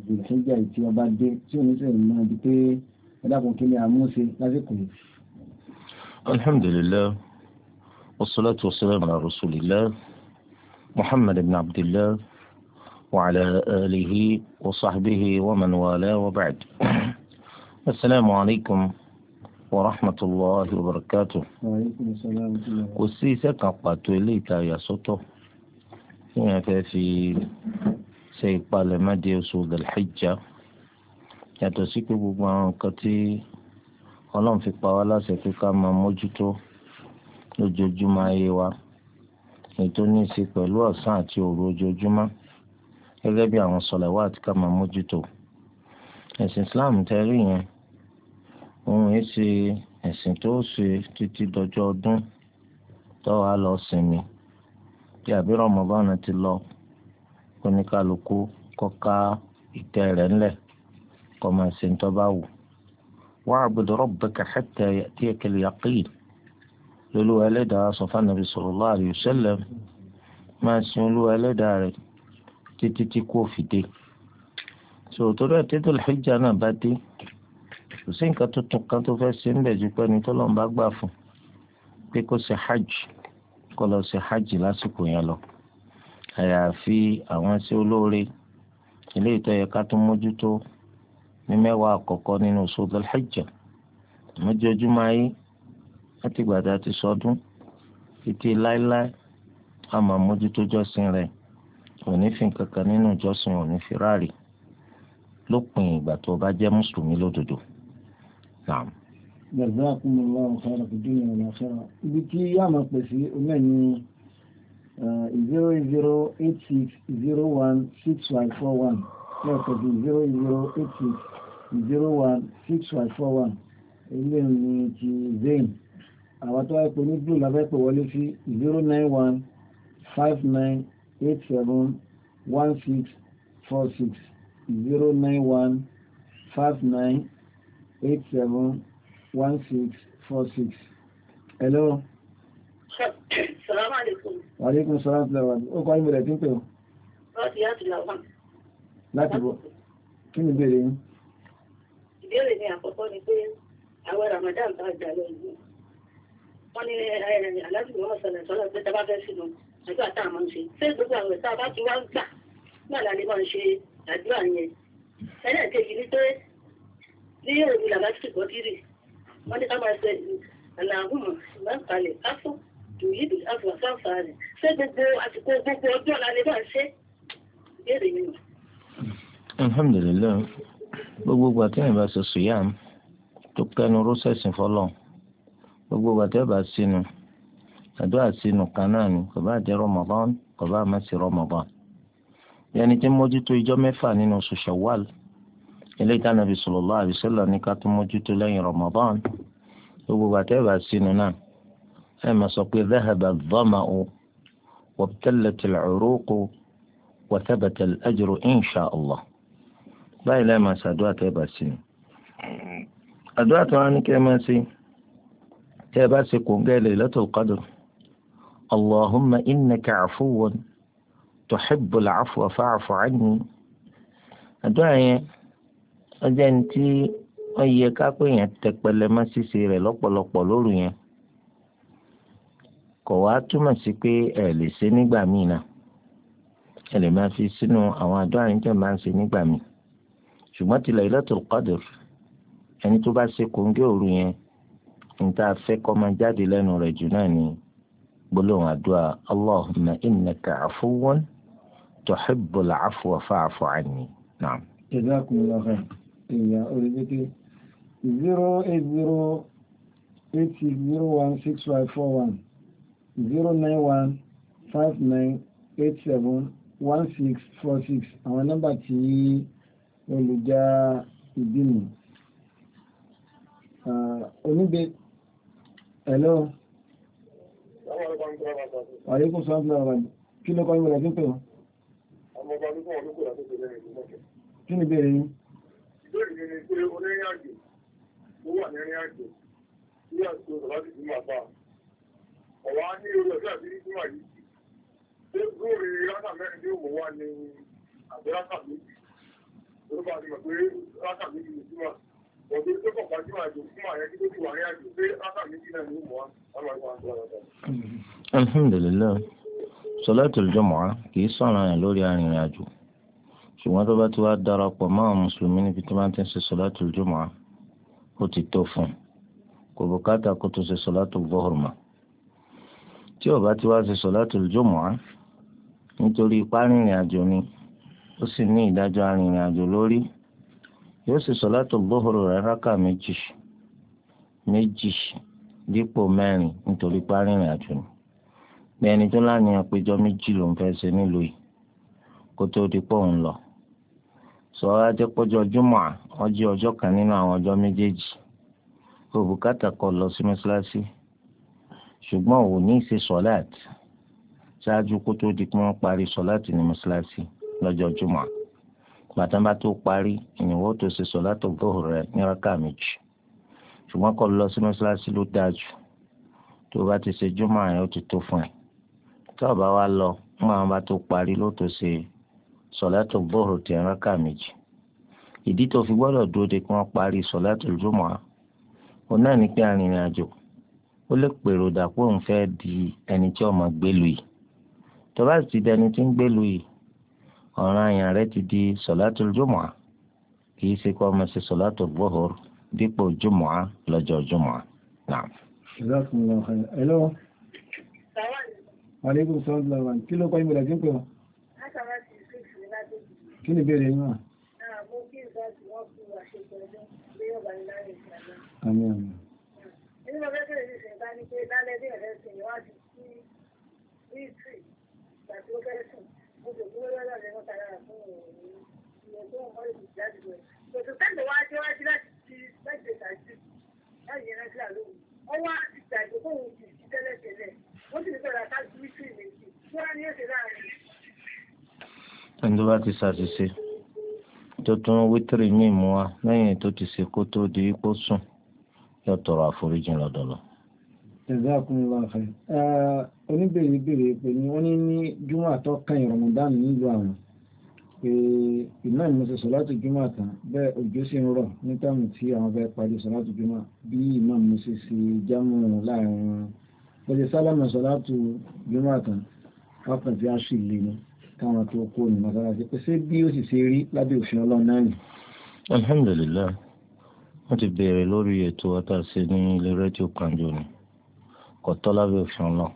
ìgbòlùsẹ́jà ìtì ọba dé tí òun sì ń máa di pé ẹ̀dàkùn kí ni àmúṣe lásìkò yìí. alhamdulilayi wasalaatu wasalaamu ala rasulillah muhammad ibn abdillah wa ala alihi wa sahbihi wa man wala wa ba'd asalaamu alaykum wa rahmatulahi wa barakatu. kò sí iṣẹ́ kan pàtó eléyìí tá a yà sọ́tọ̀ tí wọ́n fi ṣe ìpalẹ̀mọ́ de oṣù Dhul-Hijjah yàtọ̀ sí pé gbogbo àwọn nǹkan tí ọlọ́run fi pa wá láṣẹ pé ká máa mójútó lójoojúmọ́ ayé wa ètò ní í ṣe pẹ̀lú ọ̀sán àti òru ojoojúmọ́ gẹ́gẹ́ bí àwọn sọ̀lẹ̀wá àti ká máa mójútó ẹ̀sìn Islam tẹ́rí yẹn òun yìí ṣe ẹ̀sìn tó ṣe títí dọjọ́ ọdún tó wàá lọ sinmi bí àbí Ramadan ti lọ oníkálukú kọ́ka ìtẹ́ rẹ̀ ńlẹ̀ kọ́ máa ṣe ń tọ́ bá wù. wa'bud rabbaka hatta ya'tiyaka al-yaqin lolúwa ẹlẹ́dàá sọ fánàbí sallallahu alayhi wa sallam máa sin olúwa ẹlẹ́dàá rẹ̀ títí tí kò fi dé. sòtòrò ẹ̀ tètè lẹ́jà náà bá dé kò sí nǹkan tuntun kan tó fẹ́ ṣe ń bẹ̀ ju pé ẹni tó lọ́n bá gbà fún pé kó ṣe hajj kó lọ ṣe hajj lásìkò yẹn lọ àyàfi àwọn sí olóore ilé ìtọ́ yẹ ká tún mójútó ní mẹ́wàá àkọ́kọ́ nínú sọ́dọ̀ hajjá mọ́jọ́júmọ́ ayé láti gbàdá ti sọdún títí láéláé a máa mójútó jọ́sìn rẹ̀ onífin kankan nínú ìjọsìn onífirárì lópin ìgbà tó bá jẹ́ mùsùlùmí lódodo. jazaakumullahu khairan fid dunya wal akhirah ibi tí yá máa pèsè onáà ní zero zero eight six zero one six five four one lẹ́ẹ̀kan sí zero zero eight six zero one six five four one ilé ní ti zain àwọn tó wáyé pé ní blue lábẹ́ pé wọlé sí zero nine one five nine eight seven one six four six zero nine one five nine eight seven one six four six. hello. Salaam alaikum. Wa alaikum salaam tẹ̀lé wa. Ó kọ́ ìmọ̀lẹ̀ tí ń pè ọ́. Láti yá ti là wà. Láti bọ̀. Kí ni ìbéèrè yín? Ìbéèrè mi àkọ́kọ́ ni pé àwẹ̀ Ramadan bá gbà lọ yìí. Wọ́n ní aláàbí wọn sọ̀rọ̀ sọ́lá pé tá a bá fẹ́ sínú àjọ àtà àmọ́ ṣe. gbogbo àwẹ̀ tá a ti wá gbà náà la lè máa ṣe àdúrà yẹn? Ẹlẹ́ẹ̀kejì ni pé ní òru làbá ti bọ́ kiri. Wọ́n ní ká máa ṣe àlàáhùn mọ̀ ṣùgbọ́n kalẹ̀ ká tòyí bí àfọ̀ sáfà rẹ̀ ṣé gbogbo àsìkò gbogbo ọjọ́ la lè bá ṣe ìbéèrè mi. alhamdulilayi gbogbo ìgbà tí yẹn bá ṣe sùyàm tó kẹnu rọ́ṣẹ̀sì fọlọ́ gbogbo ìgbà tí yẹn bá sínú àdúrà sínú kan náà ni kò bá jẹ́ Ramadan kò bá má sí Ramadan yẹni tí mójútó ijọ́ mẹ́fà nínú oṣù Shawwal eléyìí tá Ànábì sallallahu ní ká tó mójútó lẹ́yìn Ramadan gbogbo ìgbà bá sínú náà ẹ máa sọ pé dhahaba dhama'u wabtalat al-uruqu wa thabata al-ajru insha allah báyìí lẹ́ẹ̀ máa ṣàdúrà tẹ́ bá sí i àdúrà tó wá ní kẹ́ máa ṣe tẹ́ bá ṣe kò ń gẹ́ Laylatul Qadr اللهم إنك عفو تحب العفو فاعف عني àdúrà yẹn ọjọ́ ẹni tí wọ́n yẹ ká pé yẹn tẹpẹlẹ má ṣíṣe rẹ̀ lọ́pọ̀lọpọ̀ lóru yẹn kò wá túmọ̀ sí pé ẹ lè ṣe nígbà míì náà ẹ lè máa fi sínú àwọn àdúrà yín tẹ̀ máa ń ṣe nígbà míì ṣùgbọ́n ti Lailatul Qadr ẹni tó bá ṣe kòńgẹ́ òru yẹn níta fẹ́ kó máa jáde lẹ́nu rẹ̀ jù náà ni gbólóhùn àdúrà Allahumma innaka afuwun tuhibbul afwa fa'fu anni naam. jazakumullahu khairan èèyàn olùdíje zero eight zero eight six zero one six five four one zero nine one five nine eight seven one six four six àwọn nọ́mbà tí olùjà ìbímọ oníbe hello. wàlékún sọ́n fúnra wà ní kí ló kọ́ ní wọlé pípẹ́ wọn. ní fún ọdún kò ní pé onírìn àjò ó wà ní àjò ọ̀wá ní orí ọjọ́ àti ní júmọ̀ yìí ṣé góòrè rákà mẹ́rin ní òwò wá ní àbí rákà méjì ló bá ti mọ̀ pé rákà méjì ní júmọ̀ wọ́n tó tó kọ̀ọ̀kan júmọ̀ àjò júmọ̀ yẹn tó ti wà ní àjò pé rákà méjì náà ní òwò wá alhamdulilayi sọláàtì ìjọmọ̀á kì í sọ̀rọ̀ yẹn lórí arìnrìn àjò ṣùgbọ́n tó bá ti wá darapọ̀ mọ́ àwọn mùsùlùmí níbi tí wọ́n ti ń ṣe sọláàtì ìjọmọ̀á ó ti tó fún un kò bùkátà kó tó ṣe sọláàtì ìgbọ́hùrùmọ́. tí ọba bá ti wá ṣe sọ̀látul jumu'ah nítorí ipá rìnrìn àjò ni ó sì ní ìdájọ́ arìnrìn àjò lórí yóò ṣe sọ̀látul zuhri rẹ̀ méjì méjì dípò mẹ́rin nítorí ipá rìnrìn àjò ni bí ẹni tó láàyàn péjọ méjì ló ń fẹ́ ṣe nílùú yìí kó tó di pọ̀ ń lọ sọ ajẹ́pọ̀jọ wọ́n ọjọ́ kan kọ lọ sí ṣùgbọ́n ò ní ṣe sọ́láàtì ṣáájú kó tó di pé wọ́n parí sọ́láàtì ní mọ́ṣáláṣí lọ́jọ́ jùmọ̀ gbàtàn bá tó parí ìyẹ̀wò tó ṣe sọ́láàtì ọgọ́rùn rẹ̀ ní rákà méjì ṣùgbọ́n kọ́ lọ sí mọ́ṣáláṣí ló dáa jù tó bá ti ṣe jùmọ̀ àyàn ó ti tó fún ẹ̀ tó o bá wá lọ fún àwọn bá tó parí ló tó ṣe sọ́láàtì ọgọ́rùn ti rákà méjì ìdí tó fi gbọ́dọ̀ dúró de pé wọ́n parí sọ́láàtì jùmọ̀ òun ó lè pèrò dàpọ̀ òun fẹ́ di ẹni tí ọmọ gbélu yìí tó bá sì ti di ẹni tí ń gbélu yìí ọ̀ràn àyàn rẹ ti di sọ̀látù jùmọ̀ kì í ṣe kó ọmọ ṣe sọ̀látù gbọ́hùr dípò jùmọ̀ lọ́jọ́ jùmọ̀ náà. hello. aleykum salaam kí ló kọ́ ìmọ̀lẹ̀ tí ń pè kí ni ìbéèrè yín wà. àmín àmín nínú ọgbẹ́ bẹ̀rẹ̀ yìí ṣe bá ní pé lálẹ́ bí ẹ̀rẹ́ sìn ìwádìí sí bíìtì àti ó fẹ́ sùn mo sì gbúwé lọ́dọ̀ rẹ̀ wọ́n tara fún ìwọ̀n tó ń mọ́lẹ̀ ìdí àdúgbò kòtò sẹ́ni wá dé wájú láti ti láti ṣàjú láti yẹn rántí àlóhùn wọ́n wá ti gbàgbé kóhun ti ti tẹ́lẹ̀ tẹ́lẹ̀ sì ní sọ̀rọ̀ àkáàtì tó tún wítìrì míì mú wa lẹ́yìn tó ti ṣe kó tó di ipò sùn yóò tọrọ àforíjì lọ́dọ̀ lọ. jazakumullahu khair oníbèrè bèrè pé ni wọ́n ní ní júmọ̀ àtọ́ kan Ramadan nílùú àwọn pé iná ìmọ̀ọ́sẹ̀ sọ̀láàtì júmọ̀ tán bẹ́ẹ̀ òjò sì ń rọ̀ ní tí àwọn fẹ́ parí sọ̀láàtì júmọ̀ bí iná ìmọ̀ọ́sẹ̀ sí jámù láàrin wọn pẹ̀lú sálámà sọ̀láàtì júmọ̀ tán wákàn tí a sì lè ní káwọn tó kó ní mọ́sálásí pé bí ó sì ṣe rí lábẹ́ òfin ọlọ́run náà ni. alhamdulillah wọ́n ti béèrè lórí ètò ọ̀tá sí ní ilé rédíò kanjo ni kò tọ́ lábẹ́ òfin ọlọ́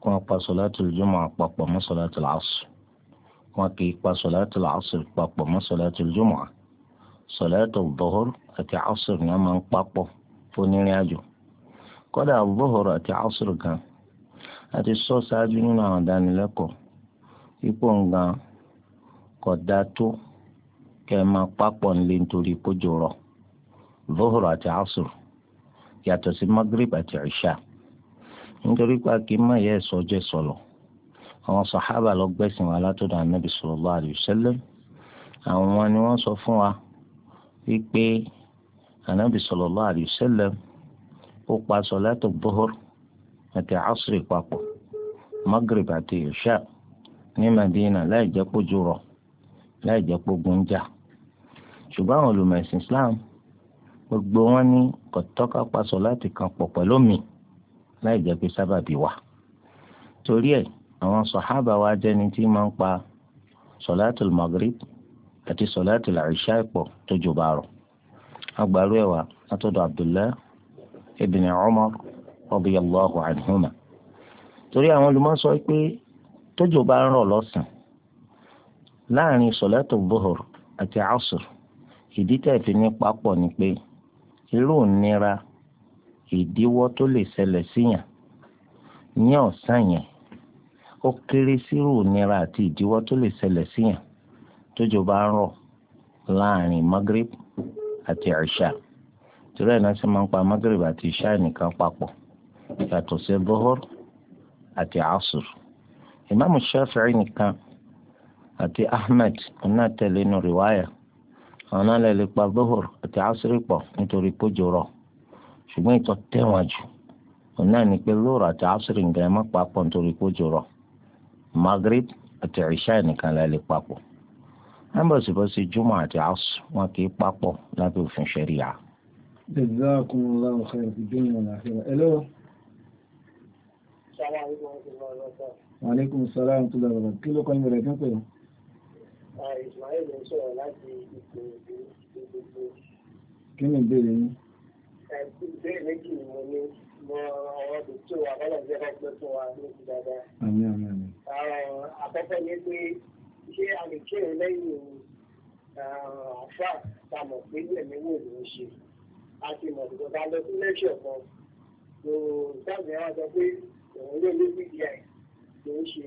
kí wọ́n pa sọ̀láàtì jùmọ̀ àpapọ̀ mọ́ sọ̀láàtì làásù wọn kì í pa sọ̀láàtì làásù papọ̀ mọ́ sọ̀láàtì jùmọ̀ sọ̀láàtì bọ́hùr àti àásù ni wọ́n máa ń papọ̀ fúnirìn àjò kódà bọ́hùr àti àásù gan àti sọ ṣáájú nínú àwọn ìdánilẹ́kọ̀ọ́ ipò ngan kódà tó kẹ́ máa papọ̀ nílé nítorí kójò rọ̀ zuhur àti asur yàtọ̀ sí magrib àti isha nítorí pé kí má yẹ ẹ̀sọ́ jẹ́ sọ̀lọ̀ àwọn sàhábà lọ gbẹ́sìn wa látọ̀dọ̀ anabi sallallahu alayhi wa sallam àwọn ni wọ́n sọ fún wa wípé anabi sallallahu alayhi wa sallam ó pa sọ̀látò zuhur àti asur papọ̀ magrib àti isha ní madina láì jẹ́ kó jùrọ̀ láì jẹ́ kó gúnjà ṣùgbọ́n àwọn olùmọ̀ ẹ̀sìn islam gbogbo wọn ní kọ̀tọ́ká paṣọ láti kan pọ̀ pẹ̀lú mi láì jẹ́ pé sábàbí wà torí ẹ̀ àwọn sọ̀hábà wa jẹ́ni tí máa ń pa sọ̀láàtì magrib àti sọ̀láàtì làrìṣà ìpọ̀ tó jọba rọ̀ agbárò ẹ̀wà látọ̀dọ̀ abdullah ibn umar radiyallahu anhuma torí àwọn olùmọ̀sọ pé tójò bá ń rọ̀ lọ́sàn láàrin sọ̀láàtì bọ́hùr àti asr ìdí tẹ̀ fi ní papọ̀ ni pé. irú ìnira ìdíwọ́ tó lè ṣẹlẹ̀ síyàn ní ọ̀sán yẹn ó kéré sírú ìnira àti ìdíwọ́ tó lè ṣẹlẹ̀ síyàn tójò ń rọ̀ láàrin magrib àti ìṣà torí náà sì máa ń pa àti nìkan papọ̀ yàtọ̀ sí bohor àti asur imaamu shafi'i nìkan àti ahmed ọ̀nà tẹ̀lé àwọn náà lè pa bóhùr àti àṣírí pọ̀ nítorí pójò rọ̀ ṣùgbọ́n ìtọ́ tẹ̀wọ̀n jù òun náà ni pé lóòrò àti àṣírí nǹkan ẹ̀ má papọ̀ nítorí pójò rọ̀ magrib àti ìṣá nìkan lè papọ̀ níbọ̀sibọ́sí júmọ̀ àti àṣù wọn kì í papọ̀ lábẹ́ òfin ṣẹ̀ríà. jazakumullahu khairan fi dunya wal akhirah hello. Wa alaikum Ismail Kí ni ìbéèrè yín? Ìbéèrè méjì ni mo ní mọ ọ̀rọ̀ tó tó wa bọ́lá ń jẹ́ká pé fún wa ní ti dáadáa. Àmín àmín àmín. Àkọ́kọ́ ni pé ṣé a lè kírun lẹ́yìn àfà ta mọ̀ pé yẹ̀mí wò ló ń ṣe. A ti mọ̀ tó bá lọ sí lẹ́ṣọ̀ kan. Lòun sábẹ̀ wá sọ pé òun ló lé bíbí ló ń ṣe.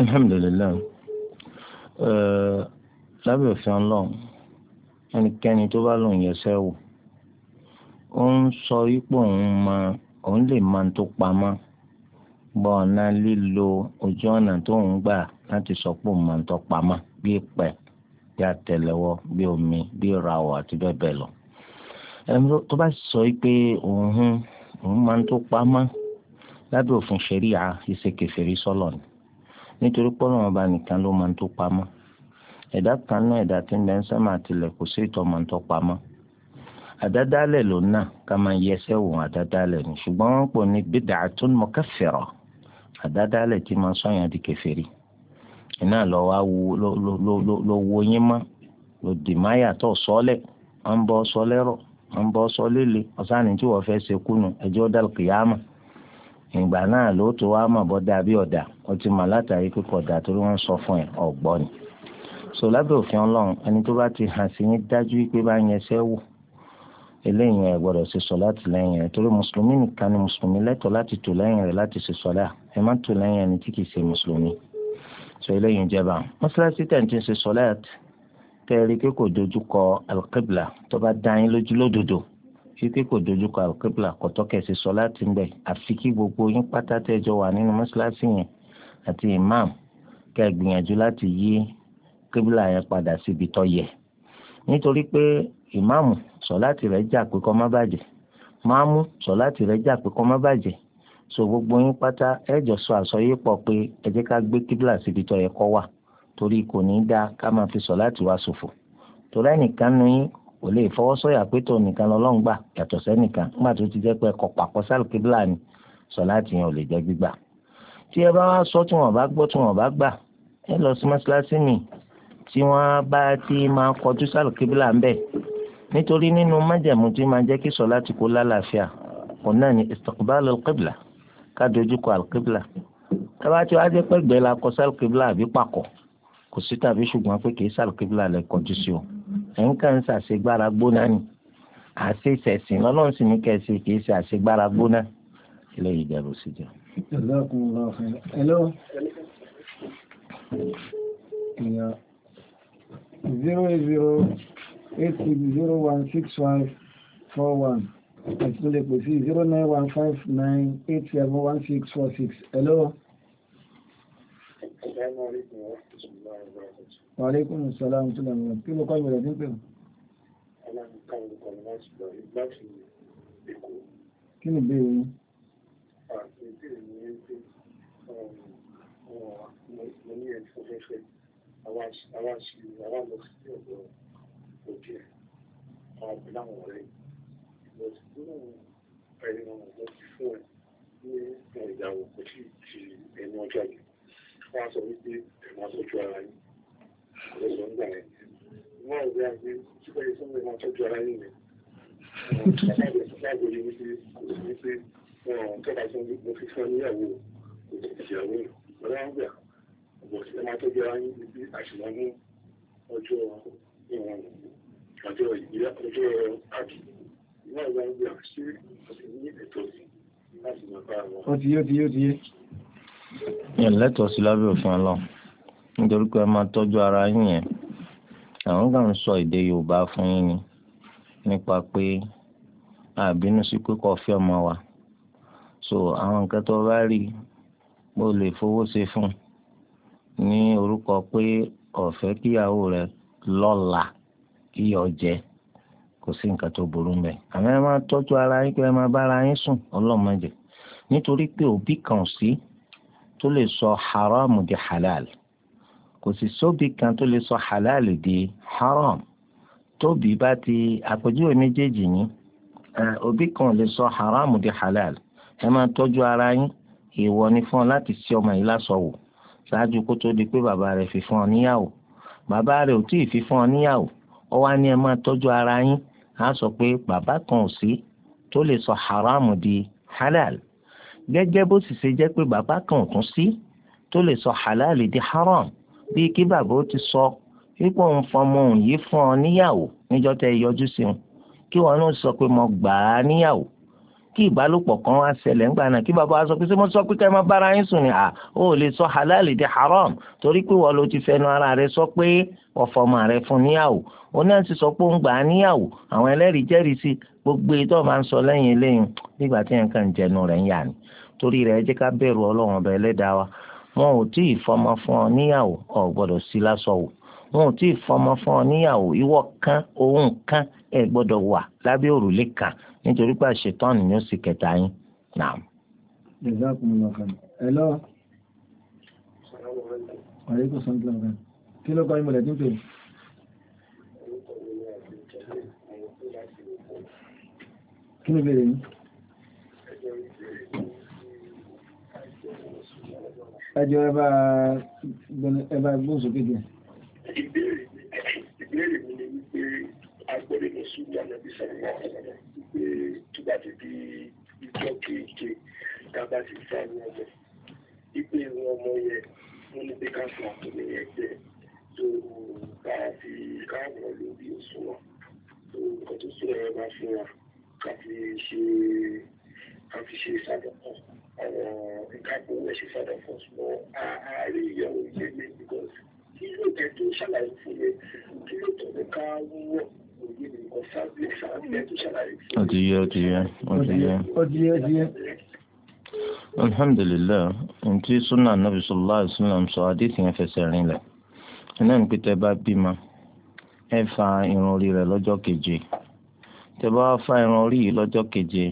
Alhamdulillah. lábẹ́ òfin ọlọ́run ẹnikẹ́ni tó bá lòun yẹsẹ́ wò ó ń sọ ipò òun ma òun lè máa tó pamọ́ gbọ́ ọ̀nà lílo ojú ọ̀nà tó ń gbà láti sọ pé òun máa tó pamọ́ bí pẹ̀ bí àtẹ́lẹwọ́ bí omi bí ìràwọ̀ àti bẹ́ẹ̀ bẹ́ẹ̀ lọ ẹni tó bá sọ pé òun òun máa ń tó pamọ́ lábẹ́ òfin ṣẹ̀ríà ìṣèkèfèrí sọ́lọ̀ ni nítorí pé Ọlọ́run ọba nìkan ló máa ń tó pamọ́ ẹ̀dá kan náà ẹ̀dá tí ń bẹ ń sẹ́mà tilẹ̀ kò sí ìtọ́ máa ń tó pamọ́ àdádálẹ̀ ló náà ká máa yẹ ẹsẹ̀ wò àdádálẹ̀ ni ṣùgbọ́n wọ́n pò ní bid'atun mukaffira àdádálẹ̀ tí máa sọ̀yàn di kèfèrí iná lọ wá ló wo yín mọ́ lòdì máyà tó sọ́ọ́lẹ̀ wọ́n ń bọ́ sọ́ọ́lẹ́rọ̀ ń bọ́ sọ lélẹ̀ ọ̀sánì tí wọ́n fẹ́ ṣe kùnú ẹjọ́ dàlùkìyàmà ìgbà náà ló tó wá mọ̀ bọ́ dàbí ọ̀dà ó ti mọ̀ látàrí pípọ̀ ọ̀dà torí wọ́n ń sọ fún ẹ̀ ọ̀gbọ́n ni. sọ lábẹ́ òfin ọlọ́run ẹni tó bá ti hàn sí ní dájú pé bá ń yẹsẹ́ wò eléyìí ẹ gbọ́dọ̀ ṣe sọ láti lẹ́yìn rẹ̀ torí mùsùlùmí nìkan ni mùsùlùmí lẹ́tọ̀ọ́ láti tò lẹ́yìn rẹ̀ láti ṣe sọlá ẹ má tò lẹ́yìn ẹni tí kì í ṣe mùsùlùmí. sọ eléyìí jẹba mọ́ṣáláṣí tẹ̀ ń ti ṣe sọlá tẹ́ẹ̀rí pé kò dojúkọ alqibla tó bá dá yín lójú lódodo fífi kò dojúkọ alqibla kọ̀tọ́ kẹsì sọ láti ń bẹ̀ àfi kí gbogbo yín pátá tẹ́jọ wà nínú mọ́ṣáláṣí yẹn àti imam kẹ́ ẹ gbìyànjú láti yí qibla yẹn padà síbi tó yẹ nítorí pé imam sọ láti rẹ̀ jà pé kó má bàjẹ́ máàmú sọ láti rẹ̀ jà pé kó má bàjẹ́ so gbogbo yín pátá ẹ jọ sọ àsọyé pọ̀ pé ẹ jẹ́ ká gbé qibla síbi tó yẹ kó wà torí kò ní í dáa ká máa fi sọ láti wá ṣòfò torí ẹnìkan nu yín kò lè fọwọ́sọ̀yà pé tó nìkan lọ́lọ́run gbà yàtọ̀ sẹ́nìkan nígbà tó ti jẹ́ pé ẹkọ̀ pàpọ̀ sálùkébìlà ni sọ láti yẹn ò lè jẹ́ gbígbà tí ẹ bá wá sọ tí wọ́n bá gbọ́ tí wọ́n bá gbà ẹ lọ sí mọ́ṣáláṣí mi tí wọ́n bá ti máa kọjú sálùkébìlà ń bẹ̀ nítorí nínú májẹ̀mú tí máa jẹ́ kí sọ láti kó lálàáfíà òun náà ni istiqbal al-qibla ká dojúkọ al-qibla tábàtí wàá jẹ́ pẹ́gbẹ́ la kọ sálùkébìlà àbí kò sí tàbí ṣùgbọ́n pé kì í sàlùkébìlà lẹ kọjú sí o ẹ̀yin kàn ń ṣàṣegbára gbóná ni àṣe ìṣẹ̀sìn lọ́lọ́run sì ní kẹ̀sì kì í ṣe àṣegbára gbóná ilé ìjẹ̀bù sí jẹ. zero eight zero eight six zero one six five four one ẹ̀sùn lè pèsè zero nine one five nine eight seven one six four six hello. hello? Wàlékún ìsọ́lá ń túnlẹ̀ mọ̀. Kí ló kọ́ ìwẹ̀rẹ̀ ní pẹ̀lú? Kí ni bí i um, Mo ní ẹni fún fẹ́fẹ́, àwọn àṣìlú, àwọn lọ sí ọ̀dọ̀ òjì ẹ̀, àwọn ìpínlẹ̀ ọ̀rẹ́. Ìgbọ̀sí tó náà pẹ̀lú ọmọ ọ̀dọ́ ti fún ẹ̀ ní ìgbà ìdáwò kò sí ti ẹnu ọjọ́ yìí wọ́n sọ wípé ẹ̀mọ́ tọ́jú ara yìí lọ́sọ̀ ń gbà ẹ̀ wọ́n ọ̀gbẹ́ àgbẹ̀ síbẹ̀ yìí sọ́nà ẹ̀mọ́ tọ́jú ara yìí rẹ̀ wọ́n tọ́ka fi fún níyàwó kò sí ìyàwó rẹ̀ wọ́n gbà ọ̀gbọ̀ sí ẹ̀mọ́ tọ́jú ara yìí wípé àṣìwọ́n mú ọjọ́ ìwọ̀n ọjọ́ ìgbéyà ọjọ́ àbí wọ́n ọ̀gbà àgbẹ̀ ṣé ọ̀sẹ̀ ní ẹ̀tọ́ sí láti mọ̀ wọn. ó ti ó ti ó ti yẹn lẹ́tọ̀ọ́ sí lábẹ́ òfin ọlọ́run nítorí pé ẹ máa tọ́jú ara yín yẹn àwọn kan ń sọ èdè yorùbá fún yín ni nípa pé àbínú sí pé kò fẹ́ ọmọ wa so àwọn nǹkan tó bá rí o lè fowó ṣe fún ní orúkọ pé ọ̀fẹ́ kíyàwó rẹ lọ́la kíyọ̀ jẹ́ kò sí nǹkan tó burú mẹ́ àmọ́ ẹ máa tọ́jú ara yín pé ẹ máa bára yín sùn ọlọ́mọdé nítorí pé òbí kan sí. Si tó lè sọ haram di halal kò sì sóbì kan tó lè sọ halal di haram tóbi bá ti àpèjúwe méjèèjì yín òbí kan lè sọ haram di halal ẹ máa tọ́jú ara yín ìwọ ni fún ọ láti ṣe ọmọ yìí lásọwò ṣáájú kó tó di pé bàbá rẹ̀ fi fún ọ níyàwó bàbá rẹ̀ ò tíì fi fún ọ níyàwó ọ wá ní ẹ máa tọ́jú ara yín á sọ pé bàbá kan ò sí tó lè sọ haram di halal gẹ́gẹ́ bó sì ṣe jẹ́ pé bàbá kan tún sí tó lè sọ halal di haram bí kí bàbá ó ti sọ pípọ̀ ń fọmọ òun yìí fún ọ níyàwó níjọ́ tẹ yọjú sí wọn kí wọn náà sọ pé mo gbà á níyàwó kí ìbálòpọ̀ kan wá ṣẹlẹ̀ ńgbà náà kí bàbá wa sọ pé ṣé mo sọ pé ká bára yín sùn ni à ó lè sọ halal di haram torí pé wọn ló ti fẹnu ara rẹ sọ pé ọ̀fọ̀mọ rẹ fún níyàwó ó náà sì sọ pé ó ń gbà á níyàwó àwọn ẹlẹ́rìí jẹ́rìí sí gbogbo ètò ọ̀ máa ń sọ lẹ́yìn eléyìí nígbà tí yẹn kàn jẹnu rẹ̀ ń yà ni torí rẹ̀ ẹ jẹ́ ká bẹ̀rù ọlọ́run ọba ẹlẹ́dàá wa wọn ò tí ì fọmọ fún ọ níyàwó ọ gbọ́dọ̀ sí lásọ wò wọn ò tí ì fọmọ fún ọ níyàwó ìwọ kan òun kan ẹ gbọ́dọ̀ wà lábẹ́ òrùlé kan nítorí pé àṣetán ni ó sì kẹta yín náà. ẹ lọ ọ̀rẹ́ kò sọ́n tó ọ̀gá kí ló kọ́ ìmọ̀lẹ̀ tó tèrè kí ló bèèrè yìí ẹjọ ẹbá gbóǹsókè jẹ. ìbéèrè ìbéèrè mi ni wípé agbọ́dọ̀ lọ sí ìyá nàbí sàmúlò àkàlà wípé tó bá ti di ìjọ kéèké tá a bá ti fa àwọn ọmọ wípé ìwọ ọmọ yẹn wọn ní pé ká fún àkùnrin yẹn jẹ tó bá a fi káàmù lórí òṣùwọ̀n tó nǹkan tó sọ̀rọ̀ ẹ máa fún wa ká fi ṣe ká fi ṣe ìsàlọ̀ kan àwọn kápò rẹ̀ ṣe father alhamdulillah ntí sunna nabi sallallahu alaihi wasallam. sallam sọ adéfì yẹn fẹsẹ̀ rìn lẹ̀ iná ní pété bá bímọ ẹ fa irun orí rẹ̀ lọ́jọ́ keje tẹ́ bá fa irun orí yìí lọ́jọ́ keje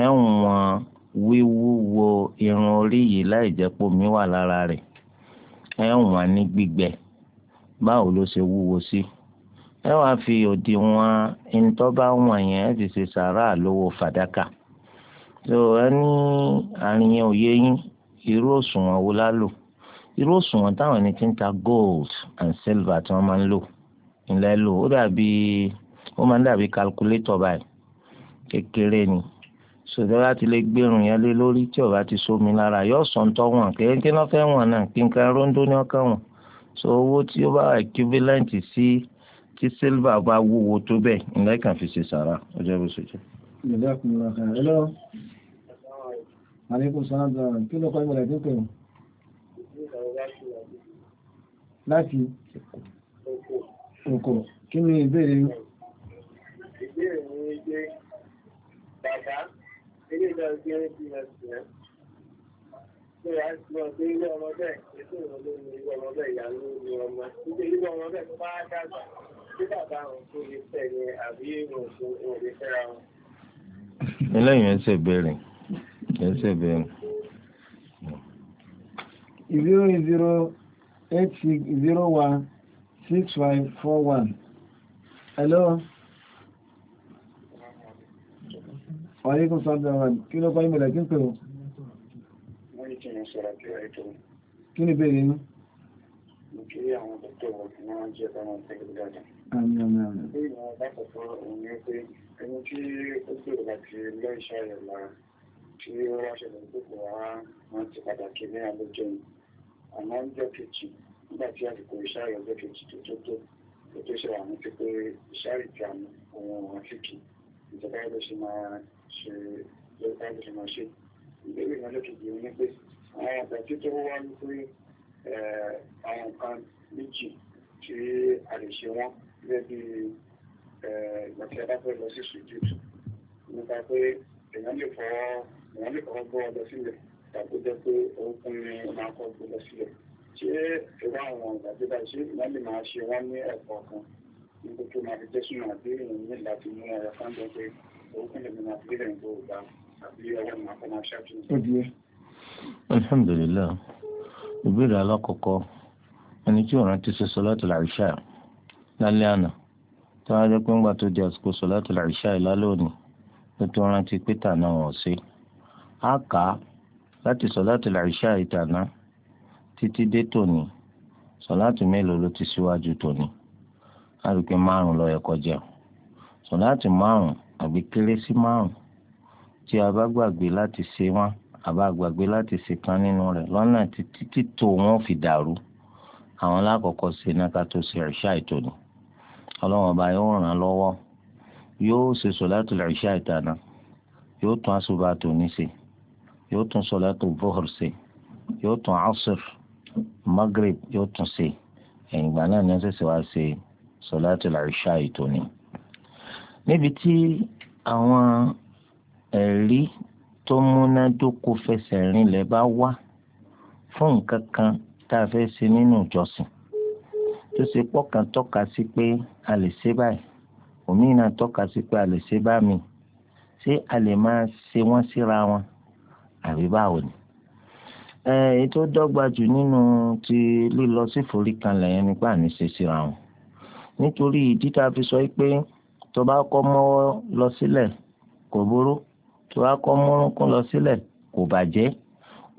ẹ ń wọn wíwúwo irun orí yìí láì jẹ́ pé omi wà lára rẹ̀ ẹ wọ̀n ní gbígbẹ báwo ló ṣe wúwo sí ẹ wàá fi òdiwọ̀n ìtọ́ba wọ̀n yẹn ẹ ti ṣe sàrà lówó fàdákà tó ẹ ní àríyàn òye yín irú òṣùwọ̀n wo la lò irú òṣùwọ̀n táwọn ẹni tí ń ta gold and silver tí wọ́n máa ń lò ńlẹ́ lò ó dàbí ó máa ń dàbí calculator báyìí kékeré ni sọdọ́ra ti lè gbẹrun yẹn lé lórí tí ọba ti sómi lára yóò sọ ntọ́ wọn kéńké náà fẹ́ wọn náà kínkan róńdó ní ọkàn wọn so owó tí ó bá equivalent sí tí silver bá wúwo tó bẹ́ẹ̀ ńlẹ́ kàn fi ṣe sàrà ọjọ́ bó ṣe jẹ́. ìjọba kùnú ọ̀hún ẹ̀ lọ́wọ́ àlékún sọ́nà dọ̀rọ̀ kí ló kọ́ ìmọ̀lẹ̀ tó kẹ̀wọ̀n. láti òkò kí ni ìbéèrè yín. ìbéèrè mi ni pé bàbá ilé ìdáwó tí ó ti hàn sí ẹ́. Ṣé wàá lọ sí ilé ọmọ bẹ́ẹ̀? Ètò ìrọ̀lẹ́ ni ilé ọmọ bẹ́ẹ̀ ìyá ló ní ọmọ. Ṣé ilé ọmọ bẹ́ẹ̀ tó bá dàgbà? Ṣé bàbá àwọn tó lè fẹ́ ni àbí èèyàn tó wọ́n lè fẹ́ra wọn? Eléyìí ń ṣèbéèrè. Ń ṣèbéèrè. Zero zero eight six zero one six five four one. Hello. Wàlékún Sọ́ndọ̀rán, kí ló kọ́ ìmọ̀lẹ̀ kí ń pèrò? Kí ni bèèrè inú? Ẹni tí ó kí ní àlójọ́ yìí. Àmọ́ ń kejì tó tó tó tó ṣe àwọn ti pé iṣẹ́ ìtì àmì òun àti kìí ìjọba ẹgbẹ́ ṣe máa ṣe ìjọba ẹgbẹ́ ṣe máa ṣe ìbéèrè náà lókèjì ní pé àwọn ọ̀gá tí tó wá ní pé àwọn nǹkan méjì tí a lè ṣe wọ́n gẹ́gẹ́ bí ìgbà tí a bá fẹ́ lọ sí sùjúdù nípa pé èèyàn lè fọ́ èèyàn lè kọ́ gbọ́ lọ sílẹ̀ tàbí jẹ́ pé orúkún ni máa kọ́ gbọ́ lọ sílẹ̀ ṣé ìwà àwọn ìgbà tí bá ṣe èèyàn lè máa ṣe wọ́n ní ẹ̀kọ́ kan nígbà tó máa fi jẹ́ súnmọ́ àbílẹ̀ òun ní láti mú ara fáńdọ̀ pé òun kìlẹ̀ mi máa fi lè gbọ́ ọ̀gá àbí ọwọ́ mi máa kọ́ máa ṣáájú. alhamdulillah ìbéèrè alákọ̀ọ́kọ́ ẹni tí òun ti ṣe sọ̀láàtì làìṣà lálẹ́ àná tó wá jẹ́ pé ńgbà tó di àsìkò sọ̀láàtì làìṣà lálẹ́ òní ló tó rántí pé tàná wọn ṣe á kà á láti sọ̀láàtì làìṣà ìtàná títí dé tòní sọ̀láàtì mélòó ló ti síwájú tòní àdùkẹ́ márùn ló yẹ kó jẹ́ sọ̀láàtì márùn àbí kéré sí márùn tí a bá gbàgbé láti ṣe wọn àbá gbàgbé láti ṣe kan nínú rẹ̀ lọ́nà títí títò wọn fi dàrú àwọn lákọ̀ọ́kọ́ ṣe náà ká tó ṣe ẹ̀ṣá ìtòní ọlọ́run ọba yóò ràn lọ́wọ́ yóò ṣe sọ̀láàtì ẹ̀ṣá ìtànà yóò tún àṣùbà tòní ṣe yóò tún sọ̀láàtì bọ́ọ̀rù ṣe yóò tún asr magrib yóò tún ṣe ẹ̀yìn ìgbà náà ni wọ́n ṣẹ̀ṣẹ̀ wá ṣe sọláàtìlà ìṣá ètò ni. níbi tí àwọn ẹ̀rí tó múnádóko fẹsẹ̀ rinlẹ̀ bá wá fún nǹkan kan tá a fẹ́ ṣe nínú ìjọsìn tó ṣe pọ́kàn tọ́ka sí pé a lè ṣe báyìí òmíràn tọ́ka sí pé a lè ṣe bá mi ṣé a lè máa ṣe wọ́n síra wọn àbí báwo ni. èyí tó dọ́gba jù nínú ti lílọ sí forí kan nípa àníṣe síra wọn nítorí ìdí tá a fi sọ pé tó bá kọ́ mọ́wọ́ lọ sílẹ̀ kò burú tó bá kọ́ mọ́rúnkún lọ sílẹ̀ kò bàjẹ́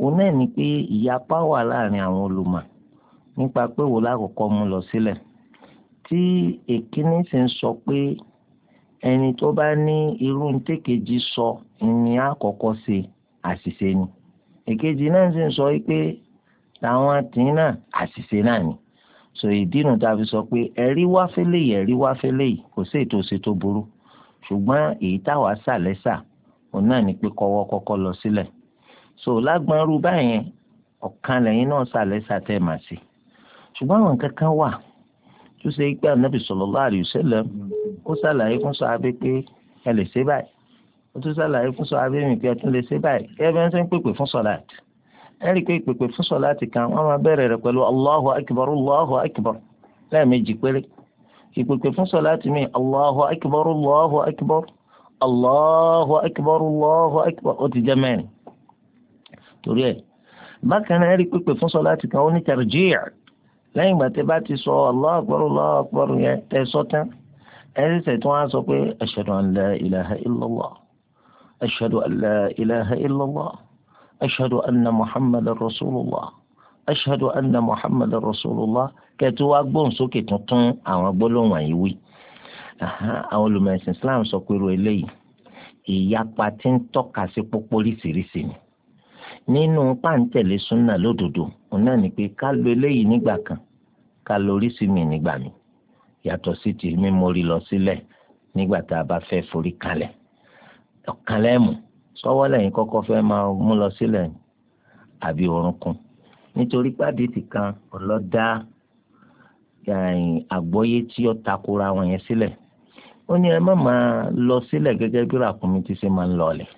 òun náà ni pé ìyapa wà láàrin àwọn olùmọ̀ nípa pé wò lákòókò mú lọ sílẹ̀ tí èkíní sì ń sọ pé ẹni tó bá ní irú ntẹ́kẹ̀jì sọ ní àkọ́kọ́ ṣe àṣìṣe ni èkejì náà sì ń sọ pé àwọn àtìyìn náà àṣìṣe náà ni so ìdínà tá a fi sọ pé ẹ̀rí wá fẹ́lẹ́ yìí ẹ̀rí wá fẹ́lẹ́ yìí kò sí ètò ṣe tó burú ṣùgbọ́n èyí táwa sà lẹ́sà òun náà ni pé kọ́wọ́ kọ́kọ́ lọ sílẹ̀ so lágbọ́nrú báyẹn ọ̀kan lẹ́yìn náà sà lẹ́sà tẹ́ mà sí ṣùgbọ́n àwọn nǹkan kan wà tó ṣe pé ànábì sallallahu alaihi wasallam ó ṣàlàyé fún sàábé pé ẹ lè ṣe báyìí ó tún ṣàlàyé fún sàábé mi pé ẹ tún lè ṣe báyìí ẹ bẹ́ẹ̀ ń sẹ́ ń pèpè fún sọ̀láàtì ẹ̀rí pé ìpèpè fún sọ láti kan wọ́n máa bẹ̀rẹ̀ rẹ̀ pẹ̀lú allahu akbar allahu akbar lẹ́ẹ̀mejì péré ìpèpè fún sọ láti mi allahu akbar allahu akbar allahu akbar allahu akbar ó ti jẹ́ mẹ́rin torí ẹ̀ bákan náà ẹ̀rí pèpè fún sọ láti kan ó ní tarjih lẹ́yìn ìgbà tí bá ti sọ allahu akbar allahu akbar yẹn tẹ́ sọ tán ẹ̀rí sẹ̀ tí wọ́n á sọ pé ashhadu an la ilaha illallah ashhadu an la ilaha illallah. أشهد أن محمد رسول الله أشهد أن محمد رسول الله kẹtù wá gbóhùn sókè tuntun àwọn gbólóhùn àyè wí àwọn olùmọ̀ẹ̀sìn Islam sọ pé ro eléyìí ìyapa tí ń tọ́ka sí pópó ríṣiríṣi ni nínú pàǹtẹ̀lé súnà lódodo òun náà ni pé ká lo eléyìí nígbà kan ká lo oríṣi mi nígbà mi yàtọ̀ sí ti mímórí lọ sílẹ̀ nígbà tá a bá fẹ́ forí kalẹ̀ ọ̀kan lẹ́mùú sọ́wọ́ lẹ́yìn kọ́kọ́ fẹ́ máa mú lọ sílẹ̀ àbí orúnkún nítorí pàdétì kan ọlọ́dá àgbọ́yé tí ó takora wọn yẹn sílẹ̀ ó ní ẹ má máa lọ sílẹ̀ gẹ́gẹ́ bí ràkúnmí ti ṣe máa ń lọlẹ̀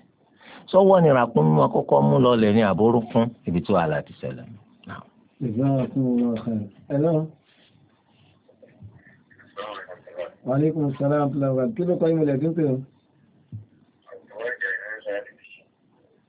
sọ́wọ́ ni ràkúnmí wọn kọ́kọ́ mú lọlẹ̀ ní àbórúkún ibi tí wàhálà ti ṣẹlẹ̀. Wa alaikum salaam kí ló kọ́ ìmọ̀lẹ̀ tó ń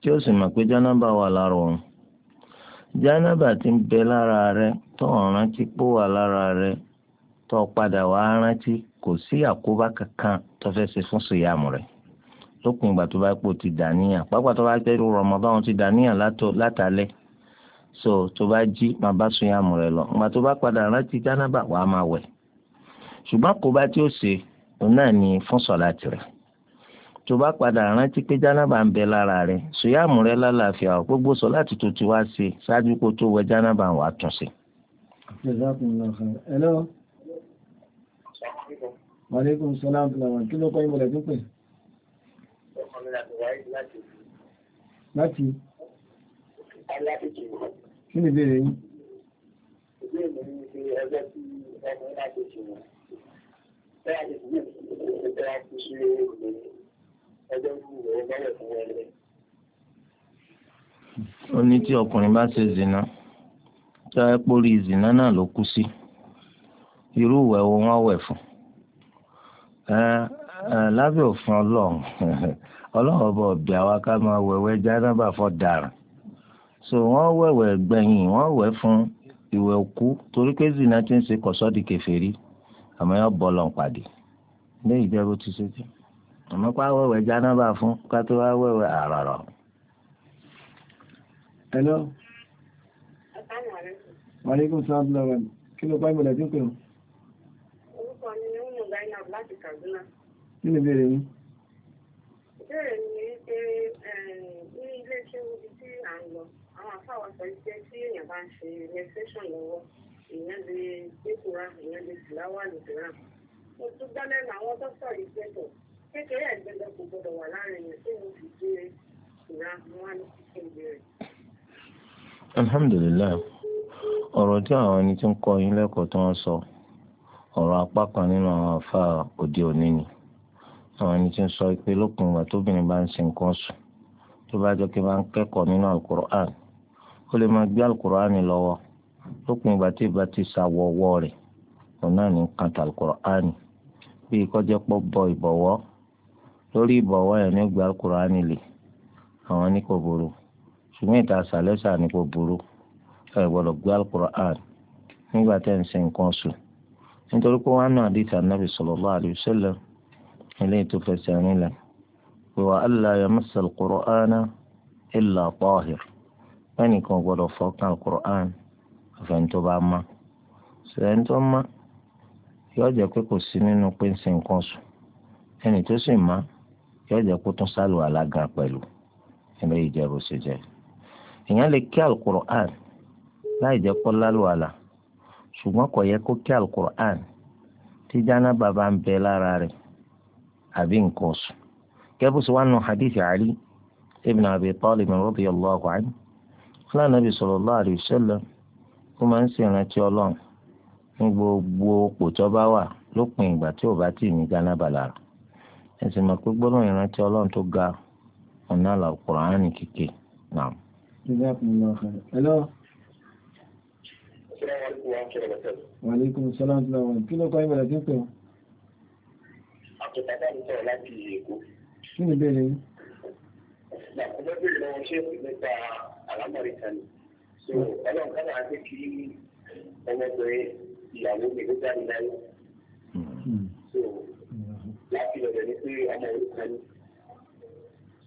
tí ó sì mọ̀ pé jánábà wà lára òun jánábà ti ń bẹ lára rẹ tó rántí pó wà lára rẹ tó padà wà rántí kò sí àkóbá kankan tó fẹ́ ṣe fún sùyàmù rẹ lópin ìgbà tó bá pò ti dàníyàn pápá tó bá pẹ́ Ramadan ti dàníyàn látàlẹ́ so tó bá jí máa bá sùyàmù rẹ lọ ìgbà tó bá padà rántí jánábà wà á máa wẹ̀ ṣùgbọ́n àkóbá tí ó ṣe òun náà ni fún sọ̀láàtì rẹ̀. tó bá padà rántí pé jánábà ń bẹ lára rẹ̀ sùyàmù rẹ̀ lálàáfíà ò gbogbo sọ láti tó ti wá sí ṣáájú kó tó wẹ̀ jánábà wà á tún sí. Maaleykum salaam alaykum kí ló kọ́ ìmọ̀lẹ̀ tó pè? Láti. Kí ni ìbéèrè yín? Ìbéèrè mi ni ẹgbẹ́ tí ọmọ náà ṣe wọ́n. Bẹ́ẹ̀ ni ìbéèrè mi ni ẹgbẹ́ tí ṣe é ẹjọ́ kú òun gbọ́dọ̀ fún wọn lé. ó ní tí ọkùnrin bá ṣe zina tó ẹ pórí zina náà ló kú sí irú ìwẹ̀ wo wọ́n wẹ̀ fún ẹ ẹ lábẹ́ òfin ọlọ́run ọlọ́run ọba ọ̀bẹ àwa ká máa wẹ̀wẹ̀ jánábà fọ́ dàrán so wọ́n wẹ̀wẹ̀ gbẹ̀yìn wọ́n wẹ̀ fún ìwẹ̀ òkú torí pé zina ti ń ṣe kọ̀sọ́ di kèfèrí àmọ́ yóò bọ́ lọ́n pàdé lẹ́yìn ìjẹ́bú ti ṣe jẹ́ àmọ́ kó awẹ́wẹ́ jánábà fún ká tó awẹ́wẹ́ àràrọ̀. hello. maaleykum salaam wa rahmatulah kí ló bá ìmọ̀lẹ̀ tí ń pè ọ́. orúkọ mi ni mo bá iná láti Kaduna. kí ni ìbéèrè yín. ìbéèrè mi ni pé eh, ní ilé iṣẹ́ ibi tí à ń lọ àwọn afáwọn sọ pé tí èèyàn bá ń ṣe relaxation lọ́wọ́ èèyàn lè gbé kura èèyàn lè tìláwà nìkúra. mo tún gbálẹ́ àwọn dókítà yìí pẹ́tọ̀ kékeré ẹ̀gbẹ́gbẹ́ kò gbọdọ̀ wà láàrin yẹn tí mo fi gbé ìran wọn ní kíkẹ́ ìbéèrè. alhamdulilayi ọ̀rọ̀ tí àwọn ẹni tí ń kọ́ yín lẹ́kọ̀ọ́ tí wọ́n sọ ọ̀rọ̀ apá kan nínú àwọn àfa òde òní ni àwọn ẹni tí ń sọ pé lópin ìgbà tóbìnrin bá ń ṣe nǹkan sùn tó bá jẹ́ pé bá ń kẹ́kọ̀ọ́ nínú alukur'an ó lè máa gbé alukur'an lọ́wọ́ lópin ìgbà tí ìbá ti ṣàwọ̀ ọwọ́ rẹ̀ òun náà ní kàtà alukur'an bí kọjá bọ ìbọ̀wọ́ lórí ìbọ̀wọ́ yẹn ní gba kúránì lè àwọn ní kò burú ṣùgbọ́n ìta ní kò burú gbọ́dọ̀ nígbà tẹ́ ń ṣe nǹkan sùn nítorí pé wọn náà dìtà nàbì sallallahu alaihi wasallam eléyìí tó fẹsẹ̀ nílẹ̀ pé wa alla yamassa al-Qur'ana illa tahir ẹnìkan gbọ́dọ̀ fọkàn al-Qur'an bá má sẹyìntó má yọjọ pé kò sí nínú pé ń ṣe nǹkan yóò kó tún sálù alága pẹ̀lú eléyìí jẹ́ bó ṣe jẹ́ èèyàn lè kí alukur'an láì jẹ́ kó àlà ṣùgbọ́n kò yẹ kó kí alukur'an tí jánábà bá ń bẹ lára rẹ̀ àbí nǹkan kẹ́bù ali ibn abi fúlàní nàbì ó máa ń ọlọ́run ní gbogbo tó bá wà ẹ̀sìn mọ̀ pé gbólóhùn ìrántí ọlọ́run tó ga ọ̀nà àlà Kùránì kìkì náà. hello. wa aleykum salaam wa rahmatulah kí ló kọ́ ìbẹ̀rẹ̀ tí ń pè ọ́. àtúntà bá mi sọ̀rọ̀ láti èkó. kí ni ìbéèrè yìí. ọjọ́ bí ìlọ́wọ́ ṣe nípa àlámọ̀rí kan ni. ọlọ́run kábàá á jẹ́ kí ọmọbìnrin ìyàwó mi ló jáde láyé láti lọ́dọ̀ ní pé adarí kan ní.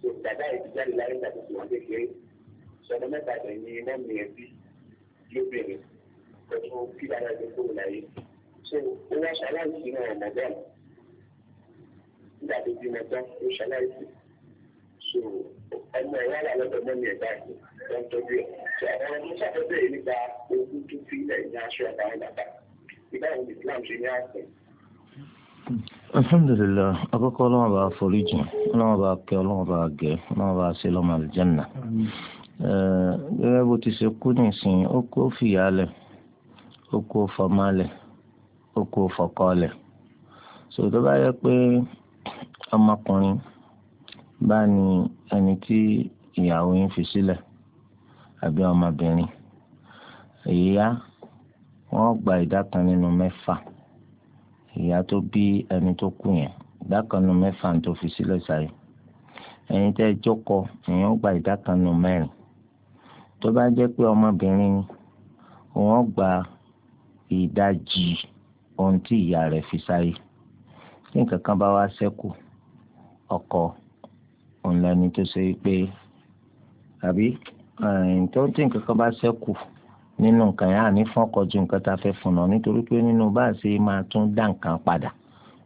so dàda yìí ti jáde láyé nígbà tó ti wọ́n kékeré sọdọ mẹ́ta tẹ̀ ní mọ́mí ẹbí lóbìnrin pẹ̀lú kí dàda ti kúrò láyé. so ó wá ṣaláìsí náà ọ̀nà bẹ́ẹ̀ nígbà tó bímọ tán ó ṣaláìsí. so ọmọ ẹ̀ wá wà lọ́dọ̀ mọ́mí ẹ̀ báyìí ló ń tọ́jú ẹ̀. so àwọn ọmọ ṣàtọ́jú ẹ̀ nípa ogún tó fi ilẹ̀ ní aṣọ àtàwọn bàbá ìbáwọn Islam ṣe ní àṣẹ alhamdulilayi àkọ́kọ́ ọlọ́run bá foríjì ọlọ́run bá kẹ́ ọlọ́run bá gẹ́ ọlọ́run bá ṣe lọ́mọ àlùjánnà eh, gẹ́gẹ́ bó ti ṣe kú nìsín ó kó fìyà lẹ̀ ó kó fọmọ lẹ̀ ó kó fọkọ lẹ̀ so tó bá yẹ pé ọmọkùnrin bá ní ẹni tí ìyàwó yín fi sílẹ̀ àbí ọmọbìnrin ìyá wọn gba ìdá kan nínú mẹ́fà ìyá tó bí ẹni tó kù yẹn ìdákanu mẹ́fà tó fi sílẹ̀ sáyé ẹ̀yin tẹ́ ẹ jókòó èèyàn ó gba ìdákanu mẹ́rin tó bá jẹ́ pé ọmọbìnrin ni wọ́n gba ìdajì ohun tí ìyá rẹ̀ fi sáyé tí nǹkan kan bá wá ṣẹ́kù ọkọ òun lẹni tó ṣe pé àbí tó tí nǹkan kan bá ṣẹ́kù nínú nǹkan yẹn àní fún ọkọ̀ ju nǹkan tá a fẹ́ fún náà nítorí pé nínú bá a ṣe máa tún dá nǹkan padà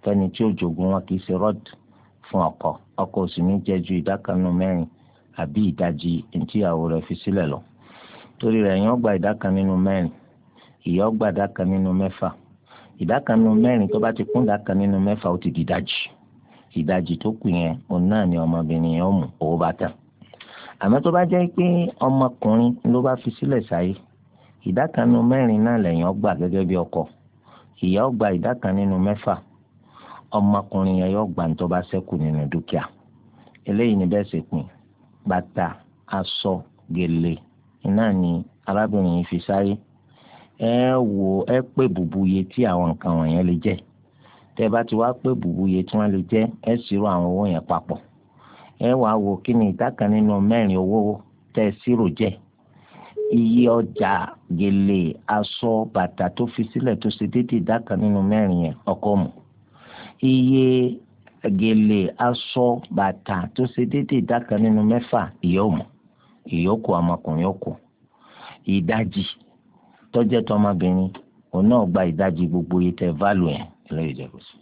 fẹ́ni tí ò jogún wọn kì í ṣe rọ́ọ̀dù fún ọkọ ọkọ ò sì ní jẹ ju ìdákanu mẹ́rin àbí ìdajì ntíyàwó rẹ̀ fi sílẹ̀ lọ torí rẹ̀ yẹn ọgbà ìdákan nínú mẹ́rin ìyá ọgbà ìdákan nínú mẹ́fà ìdákan mẹ́rin tó bá ti kún ìdákan nínú mẹ́fà ó ti di ìdajì ìdajì tó kù yẹn òun náà ni ọmọbìnrin yẹn ó mú owó bá tà àmọ́ tó bá jẹ́ pé ọmọkùnrin ló bá fi sílẹ̀ sáyé ìdá kan nínú mẹ́rin náà lẹ́yìn ọgbà gẹ́gẹ́ bí ọkọ ìyá ọgbà ìdá nínú mẹ́fà ọmọkùnrin yẹn yóò gbà tó bá ṣẹ́kù nínú dúkìá eléyìí ni bẹ́ẹ̀ ṣe pín bàtà aṣọ gèlè iná ni arábìnrin yìí fi sáyé ẹ wò ẹ pé bùbúyè tí àwọn nǹkan wọ̀nyẹn lè jẹ́ tẹ bá ti wá pé bùbúyè tí wọ́n lè jẹ́ ẹ ṣírò àwọn owó yẹn papọ̀ ẹ wàá wò kí ni ìdá nínú mẹ́rin owó tẹ ṣírò jẹ́ iye ọjà gèlè aṣọ bàtà tó fi sílẹ̀ tó ṣe déédéé ìdá kan nínú mẹ́rin yẹn ọkọ mu iye gèlè aṣọ bàtà tó ṣe déédéé ìdá kan nínú mẹ́fà ìyọ́mu ìyókù ọmọkùnrin yòókù ìdajì tọ́jẹ́ tọmọbìnrin òun náà gba ìdajì gbogbo iye tẹ válù yẹn lórí ìjọba sí.